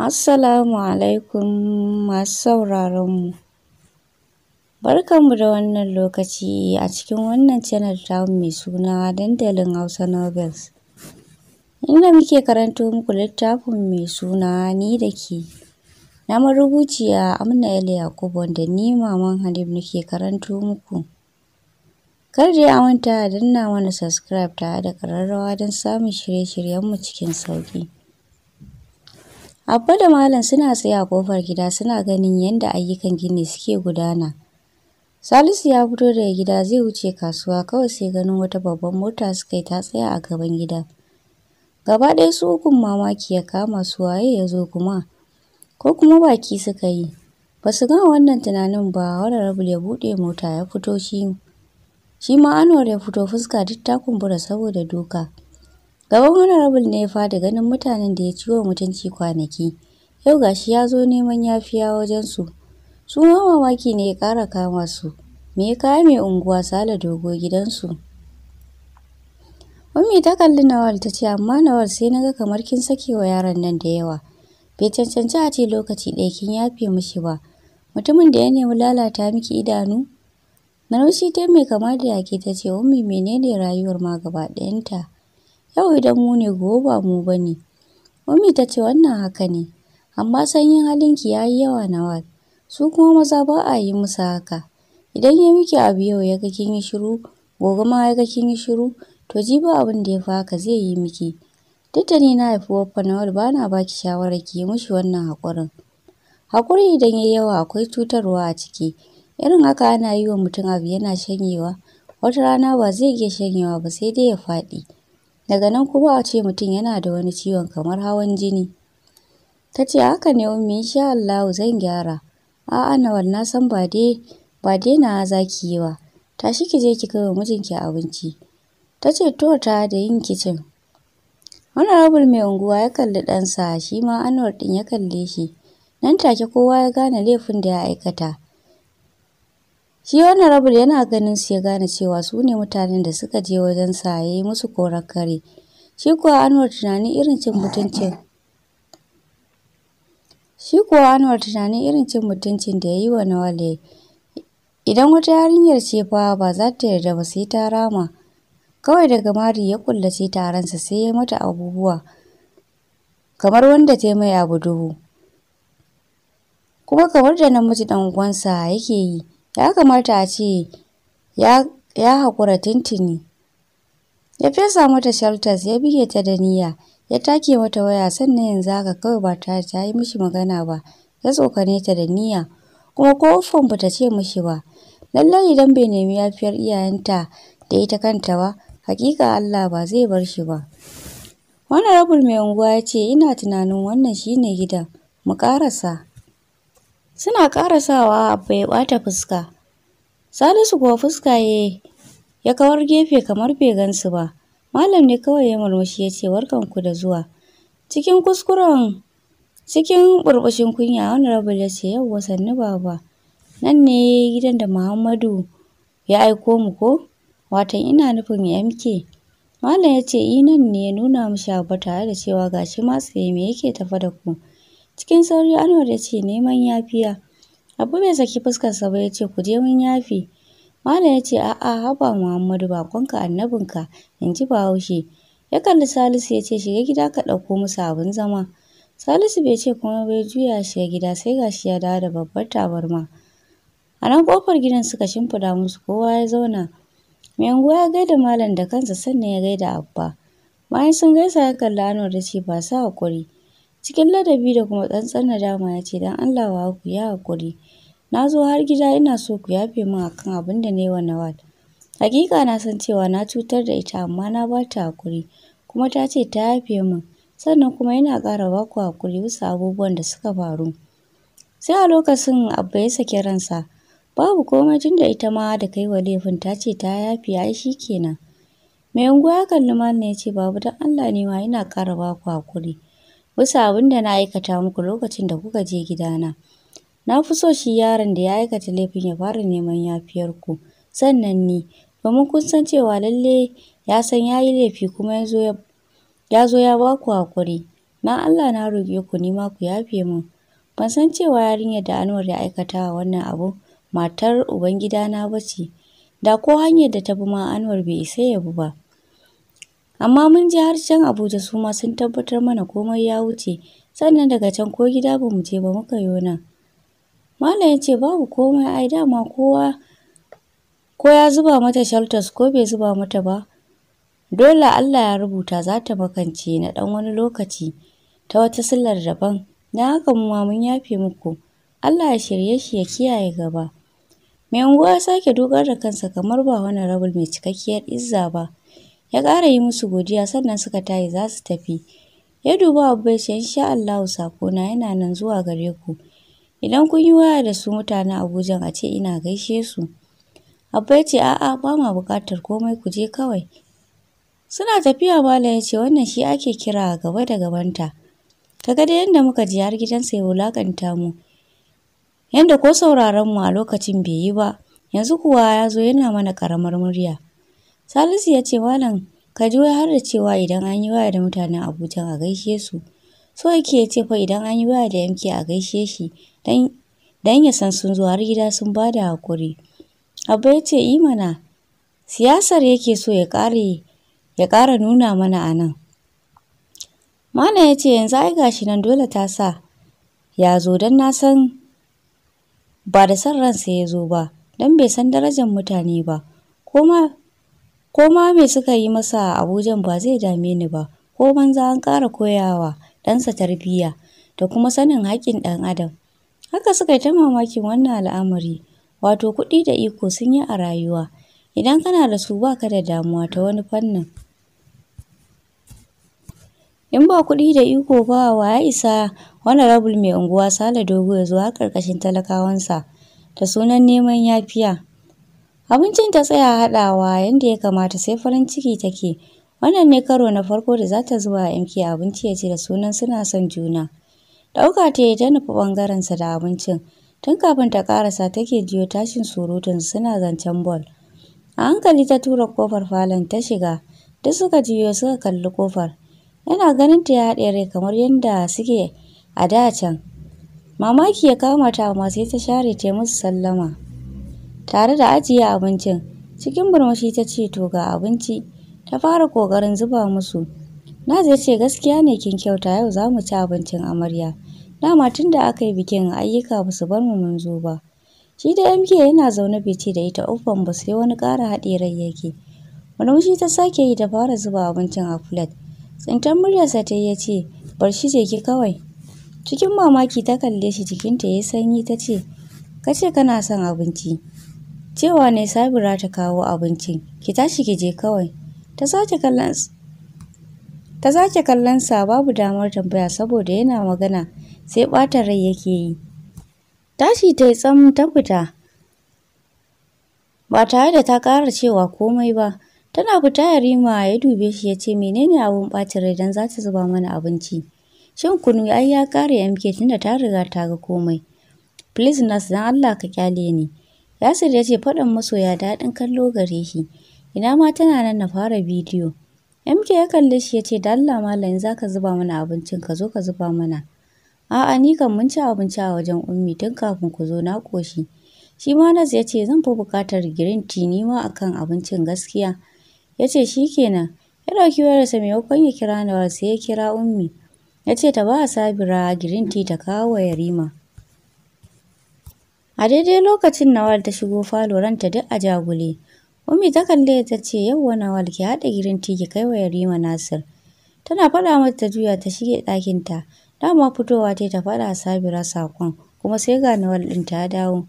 Assalamu alaikum masu sauraron mu. Barkanmu da wannan lokaci a cikin wannan channel tamu mai suna dandalin Hausa Novels. Inda muke karanto muku littafin mai suna ni da ke. Na marubuciya Amna El Yakub wanda ni maman Halim nake karanto muku. Kar da a manta danna mana subscribe tare da ƙararrawa don samun shirye-shiryenmu cikin sauƙi. Abba da Malam suna tsaye a kofar gida suna ganin yadda ayyukan gini suke gudana. Salisu ya fito daga gida zai wuce kasuwa kawai sai ganin wata babban mota suka yi ta tsaya a gaban gida. Gaba ɗaya su ukun mamaki ya kama su waye ya zo kuma ko kuma baki suka yi. Ba su gama wannan tunanin ba wani rabu ya buɗe mota ya fito shi shi ma Anwar ya fito fuska duk ta kumbura saboda duka. Gaban Honorable ne ya fada ganin mutanen da ya ciwo mutunci kwanaki. Yau gashi ya zo neman yafiya wajen su. Su ma mamaki ne ya ƙara kama su. Me ya kaya mai unguwa Sale Dogo gidansu? Ummi ta kalli Nawal ta ce amma Nawal sai naga kamar kin sake wa yaron nan da yawa. Bai cancanci a ce lokaci ɗaya kin yafe mishi ba. Mutumin da ya nemi lalata miki idanu? Narushi ta mai kama da yaƙi ta ce Ummi menene rayuwar ma gaba ɗayanta? Yau idan mu ne gobe ba mu ba ne. Mummy ta ce wannan haka ne, amma sanyin halinki ya yi yawa Nawal. Su kuma maza ba a yi musu haka. Idan ya miki abu yau ya ga kin yi shiru, gobe ma ya ga kin yi shiru, to ji ba abin da ya fi haka zai yi miki. Duk da ni na haifi wa fanawar ba na baki shawarar ki yi mishi wannan haƙurin. Haƙuri idan ya yi yawa akwai cutarwa a ciki. Irin haka ana yi wa mutum abu yana shanyewa, wata rana ba zai iya shanyewa ba sai dai ya faɗi. daga nan kuma a ce mutum yana da wani ciwon kamar hawan jini ta ce haka ne ummi insha Allah zan gyara a'a nawal na san ba dai ba dai na za ki yi ba tashi ki je ki kai mijinki abinci ta ce to ta da yin kicin honorable mai unguwa ya kalli ɗansa shi ma anwar ɗin ya kalle shi nan take kowa ya gane laifin da ya aikata shi honorable yana ganin su ya gane cewa su ne mutanen da suka je wajen sa ya yi musu korar kare shi kuwa anwar tunanin irin cin mutuncin shi kuwa anwar tunanin irin cin mutuncin da ya yi wa nawale idan wata yarinyar ce fa ba za ta yarda ba sai ta rama kawai daga mari ya kullace taronsa sai ya mata abubuwa kamar wanda ta mai abu dubu kuma kamar da namiji dan uwansa yake yi ya kamata a ce ya haƙura tintini ya fesa mata shelters ya bige ta da niyya ya take mata waya sannan yanzu haka kawai ba ta ta yi mishi magana ba ya tsokane ta da niyya kuma ko ba ta ce mishi ba lallai idan bai nemi yafiyar iyayenta da ita kanta ba hakika Allah ba zai bar shi ba wani rabul mai unguwa ya ce ina tunanin wannan shine gidan mu ƙarasa Suna ƙara sawa, abba ya ɓata fuska. Salisu kuwa fuska ya ya kawar gefe kamar bai gansu ba. Malam ne kawai ya murmushi ya ce warkanku da zuwa. Cikin kuskuren cikin burbushin kunya wani rabin ya ce yau wasanni baba. Nan ne gidan da Muhammadu ya aiko mu ko? Watan ina nufin MK. Malam ya ce i eh, nan ne ya nuna mu shaba tare da cewa gashi ma tsaye me yake tafa da ku. Cikin sauri Anwar ya ce neman yafiya. Abu bai saki fuskarsa ba ya ce ku je mun yafi. Malam ya ce a'a haba Muhammadu bakonka annabinka in ji Bahaushe. Ya kalli Salisu ya ce shiga gida ka ɗauko musu abin zama. Salisu bai ce kuma bai juya shiga gida sai gashi ya dawo da babbar tabarma. A nan kofar gidan suka shimfida musu kowa ya zauna. Mai unguwa ya gaida malam da kansa sannan ya gaida Abba. Bayan sun gaisa ya kalli Anwar da ce ba sa haƙuri. Cikin ladabi da kuma tsantsar dama ya ce, "Don Allah wa ku ya haƙuri, na zo har gida ina so ku yafe min akan abin da na yi wa Nawal. Hakika na san cewa na cutar da ita amma na ba ta haƙuri, kuma ta ce ta yafe min, sannan kuma yana ƙara ba ku haƙuri bisa abubuwan da suka faru." Sai a lokacin Abba ya saki ransa, babu komai tun da ita ma da kai wa laifin ta ce ta yafe ai shi kenan. Mai unguwa ya kalli Malam ya ce, "Babu don Allah ne ma yana ƙara ba ku haƙuri." bisa abin da na aikata muku lokacin da kuka je gidana. Na fi so shi yaron da ya aikata laifin ya fara neman yafiyarku, sannan ni, domin kun san cewa lalle ya san ya yi laifi kuma ya zo ya ba ku haƙuri. Na Allah na roƙe ku nima ku yafe min. Ban san cewa yarinyar da Anwar ya aikata wa wannan abu matar Ubangidana ba ce, da ko hanyar da ta bi ma Anwar bai isa ya bi ba. Amma mun je har can Abuja su ma sun tabbatar mana komai ya wuce, sannan daga can ko gida ba mu je ba muka yi nan. Malam ya ce babu komai ai dama kowa ko ya zuba mata shelters ko bai zuba mata ba. Dole Allah ya rubuta za ta makance na ɗan wani lokaci ta wata sillar daban, na haka mu ma mun yafe muku. Allah ya shirye shi ya kiyaye gaba. Mai unguwa ya sake dogar da kansa kamar ba wani rabul mai cikakkiyar izza ba. ya ƙara yi musu godiya sannan suka tayi za su tafi ya duba abu ya ce insha Allahu sakona yana nan zuwa gare ku idan kun yi waya da su mutanen Abuja a ce ina gaishe su Abba ya ce a'a ba ma buƙatar komai ku je kawai suna tafiya Malam ya ce wannan shi ake kira gaba da gabanta ta da yadda muka ji har gidansa ya wulakanta mu Yadda ko sauraron mu a lokacin bai yi ba yanzu kuwa ya zo yana mana ƙaramar murya Salisu ya ce ji Kajo har da cewa idan an yi waya da mutanen Abujan a gaishe su, so yake ya ce fa idan an yi waya da yanki a gaishe shi dan ya san sun zo har gida sun ba da hakuri Abba ya ce i mana, siyasar yake so ya ƙara nuna mana a nan. Malam ya ce yanzu ai gashi nan dole ta sa ya zo don na san ba da san ransa ya zo ba dan bai san darajar mutane ba ko ko ma me suka yi masa a abujan ba zai dame ni ba ko banza an ƙara koyawa ɗansa tarbiyya da kuma sanin haƙƙin ɗan adam haka suka yi ta mamakin wannan al'amari wato kuɗi da iko sun yi a rayuwa idan kana da su baka da damuwa ta wani fannin in ba kuɗi da iko ba wa ya isa wani rabul mai unguwa sale dogo ya zo har ƙarƙashin talakawansa da sunan neman yafiya Abincin ta tsaya haɗawa yadda ya kamata sai farin ciki take. Wannan ne karo na farko da za ta zuwa MK abinci ya ci da sunan suna son juna. Ɗauka ta yi ta nufi ɓangarensa da abincin. Tun kafin ta ƙarasa take jiyo tashin surutun suna zancen bol. A hankali ta tura kofar falon ta shiga. Duk suka jiyo suka kalli ƙofar. Yana ganin ta ya haɗe rai kamar yadda suke a da can. Mamaki ya kama ta amma sai ta share ta musu sallama. tare da ajiye abincin cikin murmushi ta ce to ga abinci ta fara kokarin zuba musu Na ya ce gaskiya ne kin kyauta yau za mu ci abincin amarya dama tun da aka yi bikin ayyuka ba su bar mu mun zo ba shi da MK yana zaune bai da ita ofan ba sai wani ƙara haɗe rai yake murmushi ta sake yi ta fara zuba abincin a plate tsintar muryarsa ta yi ya ce bar shi je ki kawai cikin mamaki ta kalle shi jikinta ya sanyi ta ce ka ce kana son abinci Cewa ne Sabira ta kawo abincin, ki tashi ki je kawai. Ta sake kallon Ta sake kallon sa babu damar tambaya saboda yana magana sai ɓata rai yake yi. Tashi ta yi tsam ta fita. Ba tare da ta ƙara cewa komai ba, tana fita Yarima ya dube shi ya ce menene abun ɓacin rai don za ta zuba mana abinci. Shin kunu ai ya ƙare MK tunda ta riga ta ga komai. Please nas don Allah ka kyale ni. Yasir ya ce faɗin masoya daɗin kallo gare shi. Ina ma tana nan na fara bidiyo. MK ya kalli shi ya ce da Allah malam za ka zuba mana abincin ka zo ka zuba mana. A'a ni kan mun ci abinci a wajen ummi tun kafin ku zo na koshi. Shi ma Nas ya ce zan fi buƙatar green tea ni ma akan abincin gaskiya. Ya ce shi kenan. Ya ɗauki wayarsa maimakon ya kira na sai ya kira ummi. Ya ce ta ba Sabira green tea ta kawo wa Yarima. A daidai lokacin Nawal ta shigo falo ranta duk a jagule. Ummi ta kalle ta ce yawwa Nawal ki haɗa girin tiki kai wa Yarima Nasir. Tana faɗa mata juya ta shige ɗakinta. Dama fitowa ta ta faɗa Sabira sakon kuma sai ga Nawal ɗin ta dawo.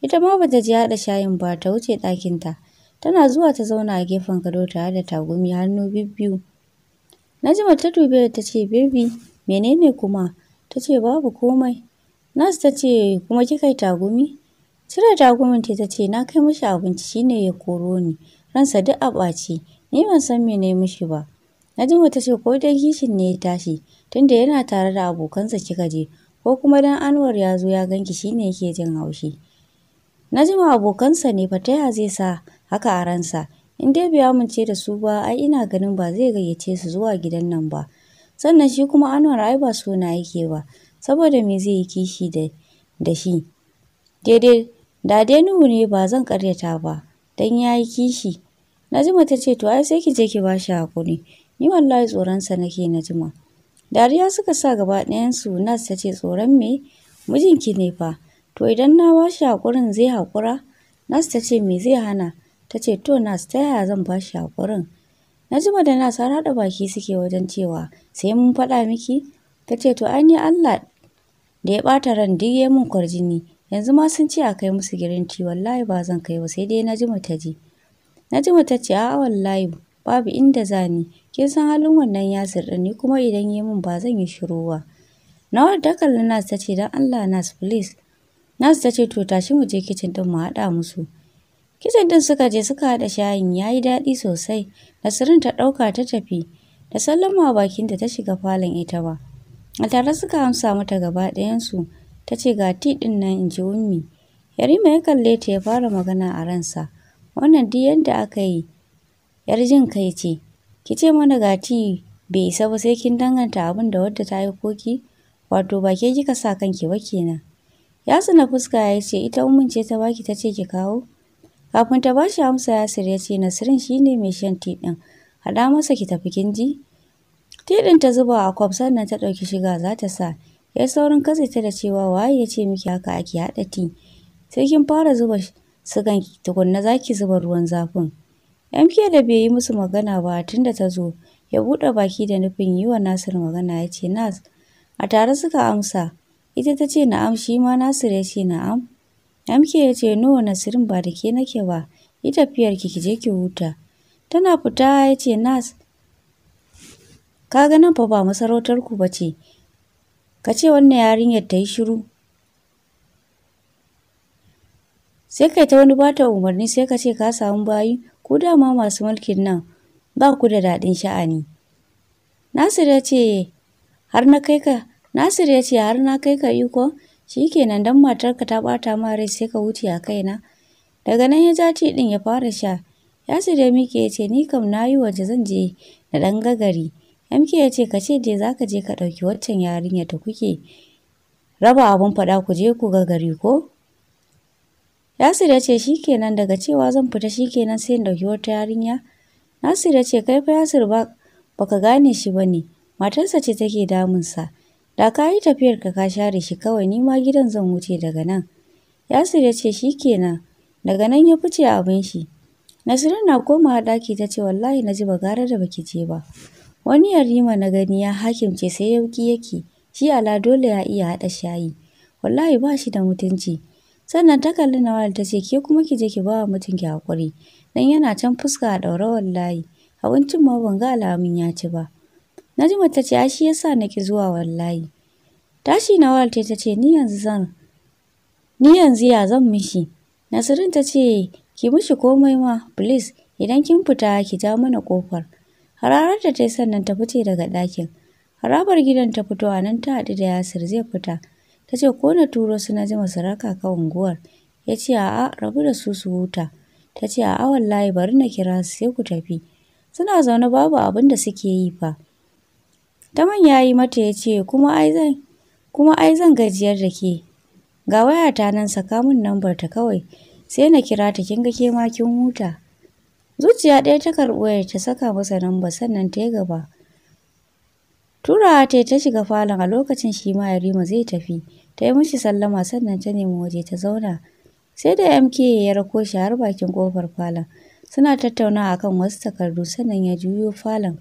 Ita ma bata je haɗa shayin ba ta wuce ɗakinta. Tana zuwa ta zauna a gefen gado tare da tagumi hannu bibbiyu. Najma ta dube ta ce birbi menene kuma? Ta ce babu komai. Nas ta ce, kuma kika yi tagumi? Cire tagumin ta ce, na kai mishi abinci shine ya koro ni. Ransa duk a ɓaci, ni ban san me yi mishi ba. Najima ta ce, ko dai kishin ne ya tashi, tunda yana tare da abokansa kika je, ko kuma dan Anwar ya zo ya ganki shine yake jin haushi. Na Najima abokansa ne fa ta zai sa haka a ransa, in dai bai amince da su ba, ai ina ganin ba zai gayyace su zuwa gidan nan ba. Sannan shi kuma Anwar ai ba so na yake ba, saboda me zai yi kishi da da shi daidai da dai Nuhu ne ba zan karyata ba dan ya yi kishi Najima ta ce to ai sai ki je ki ba shi hakuri ni wallahi tsoron sa nake Najima Dariya suka sa gaba ɗayan su Nas ta ce tsoron me mijinki ne fa to idan na ba shi hakurin zai hakura Nas ta ce me zai hana ta ce to Nas ta yaya zan ba bashi hakurin Najima da Nas har haɗa baki suke wajen cewa sai mun faɗa miki ta ce to an yi Allah da ya ɓata ran duk ya mun kwarjini yanzu ma sun ce a kai musu girin ti wallahi ba zan kai ba sai dai na ji mata ji na ji mata ce a'a wallahi babu inda zani kin san halin wannan yasir din ni kuma idan ya mun ba zan yi shiru ba na wani kalli na ta ce dan Allah nas please nas ta ce to tashi mu je kitchen din mu haɗa musu kitchen din suka je suka haɗa shayin yayi daɗi sosai Nasirin ta ɗauka ta tafi da sallama bakin da ta shiga falon ita ba a tare suka amsa mata gaba ɗayansu ta ce ga ti nan in ji ummi yarima ya kalle ta ya fara magana a ransa wannan duk yadda aka yi yar jin kai ce ki ce mana ga ti bai isa ba sai kin danganta abin da wadda ta yi koki wato ba ke kika sa kanki ba kenan ya tsina fuska ya ce ita ummin ce ta baki ta ce ki kawo kafin ta bashi amsa yasir ya ce nasirin shine mai shan ti ɗin haɗa masa ki tafi kin ji Tiɗin ta zuba a kwaf sannan ta ɗauki shiga za ta sa. Ya saurin katse ta da cewa waye ya ce miki haka ake haɗa ti. Sai kin fara zuba sugan tukunna za ki zuba ruwan zafin. MK da bai yi musu magana ba tun da ta zo ya buɗe baki da nufin yi wa Nasir magana ya ce Nas. A tare suka amsa. Ita ta ce na'am shi ma Nasir ya ce na'am. MK ya ce no Nasirin ba da ke nake ba. Yi tafiyar ki ki ki huta. Tana fita ya ce Nas ka ga nan fa ba masarautar ku bace ka ce wannan yarinyar ta yi shiru sai kai ta wani bata umarni sai ka ce ka samu bayi ko dama masu mulkin nan ba ku da daɗin sha'ani nasir ya ce har na kai ka nasir ya ce har na kai ka iko shikenan dan matarka ta bata ma rai sai ka wuce a kai na? daga nan ya zaci din ya fara sha yasir ya mike ya ce ni kam na yi waje zan je na dan gagari MK ya ce ka ce je za ka je ka ɗauki waccan yarinya ta kuke raba abin faɗa ku je ku ga gari ko? Yasir ya ce shi kenan daga cewa zan fita shi kenan sai in ɗauki wata yarinya. Nasir ya ce kai fa Yasir ba baka gane shi ba ne matarsa ce take damunsa. Da ka yi tafiyar ka ka share shi kawai ni ma gidan zan wuce daga nan. Yasir ya ce shi kenan daga nan ya fice abin shi. Nasirin na komawa ɗaki ta ce wallahi na ji ba gara da baki je ba. Wani yarima na gani ya hakimce sai yauƙi yake, shi Ala dole ya iya haɗa shayi, wallahi ba shi da mutunci. Sannan ta kalli Nawal ta ce ke kuma ki je ki ba wa ki haƙuri, Dan yana can fuska a ɗaure wallahi, abincin ma ban ga alamun ya ci ba. Najma ta ce ai shi yasa na ki zuwa wallahi. Tashi na ta ta ce ni yanzu zan ni yanzu ya zan mishi. Nasirin ta ce ki mishi komai ma please idan kin fita ki ja mana ƙofar. Hararar da ta yi sannan ta fice daga ɗakin. Harabar gidan ta fito a nan ta haɗu da Yasir zai fita. Ta ce ko na turo su na ji masaraka ka unguwar. Ya ce a'a rabu da su su huta. Ta ce a'a wallahi bari na kira su sai ku tafi. Suna zaune babu abin da suke yi fa. Ta man ya yi mata ya ce kuma ai zan kuma ai zan gajiyar da ke. Ga wayata nan saka min lambar ta kawai. Sai na kira ta kinga ga ke ma kin huta. zuciya ɗaya ta karɓi wayar ta saka masa namba sannan ta yi gaba turawa ta ta shiga falon a lokacin shi ma yarima zai tafi ta yi mishi sallama sannan ta nemi waje ta zauna sai da mk ya rako shi har bakin kofar falon suna tattaunawa akan wasu takardu sannan ya juyo falon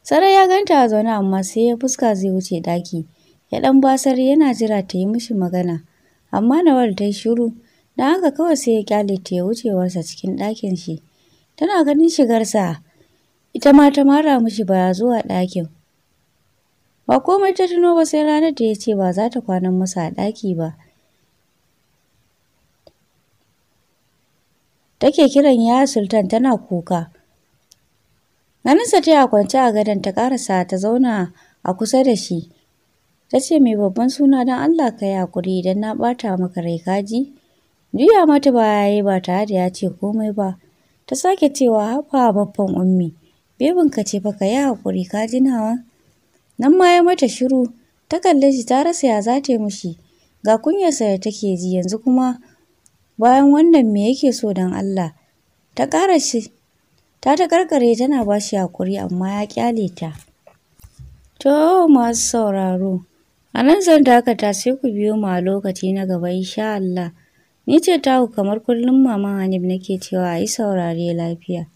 sarai ya ganta a zaune amma sai ya fuska zai wuce ɗaki ya ɗan basar yana jira ta yi mishi magana amma nawal ta yi shiru don haka kawai sai ya kyale ta ya wucewarsa cikin ɗakin shi tana ganin shigarsa ita ma ta mara mishi baya zuwa ɗakin ba komai ta tuno ba sai ranar da ya ce ba za ta kwana masa a ɗaki ba take kiran ya sultan tana kuka ganinsa ta ya kwance a gadon ta karasa ta zauna a kusa da shi ta ce mai babban suna don allah ka yi hakuri idan na ɓata maka rai kaji Juya mata yi ba tare da ya ce komai ba. Ta sake cewa hafa babban ummi. ka ce baka ka yi hakuri, ka ji nawa. Nan ma ya mata shiru ta kalle shi ta rasa ya za ta yi Ga kunyarsa da take ji yanzu kuma bayan wannan me yake so don Allah. Ta ƙara shi ta ta karkare tana ba shi hakuri amma ya kyale ta. To masu sauraro, a nan zan dakata sai ku biyo mu a lokaci na gaba insha Allah. Ni ce taku kamar kullum Maman Hanif nake cewa a yi saurare lafiya.